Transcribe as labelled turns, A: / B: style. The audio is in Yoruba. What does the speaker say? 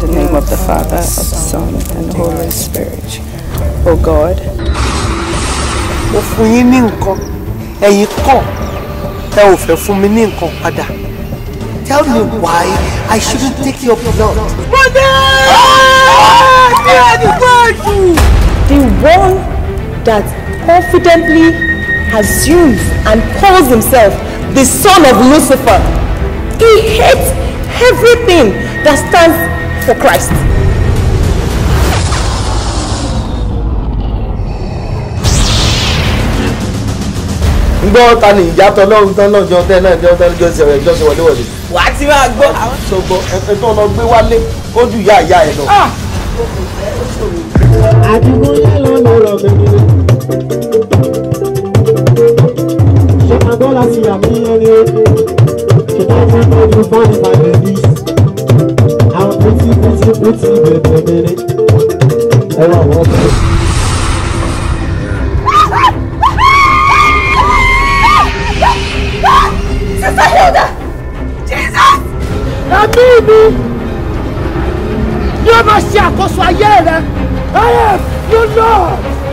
A: In the name of the Father, of the Son, and the Holy Spirit. O God. Mo fún yín ní nǹkan, ẹ̀yin kọ̀,
B: ẹ ò fẹ́ fún mi Tell me why I shouldn't take your blood. Bọ́dé! Ní àdúgbò àjù! The
C: one that confidently assumes and calls
D: himself the son of Lucifer. He hates everything that stands for Christ. gbọ́ ta ni ìjà
E: tọ́ lọ́run tán náà jọ tẹ́ náà jọ tẹ́ jọ ṣe ẹ̀jọ́ ṣe wọlé wọlé. wà á ti máa gbọ́. ṣògbọ́ ẹ̀fẹ̀ tó lọ gbé wálé ó ju ìyá ìyá ẹ̀ lọ. Ah! àdìgún yìí ló ń lọ bẹ̀rẹ̀. ṣé àgọ́
C: láti yà mí ẹni ṣùgbọ́n mo ń tọ́jú bọ́ọ̀lù báyìí
A: ó ti bẹ̀bẹ̀ bẹ̀rẹ̀ ẹ
B: I am your Lord!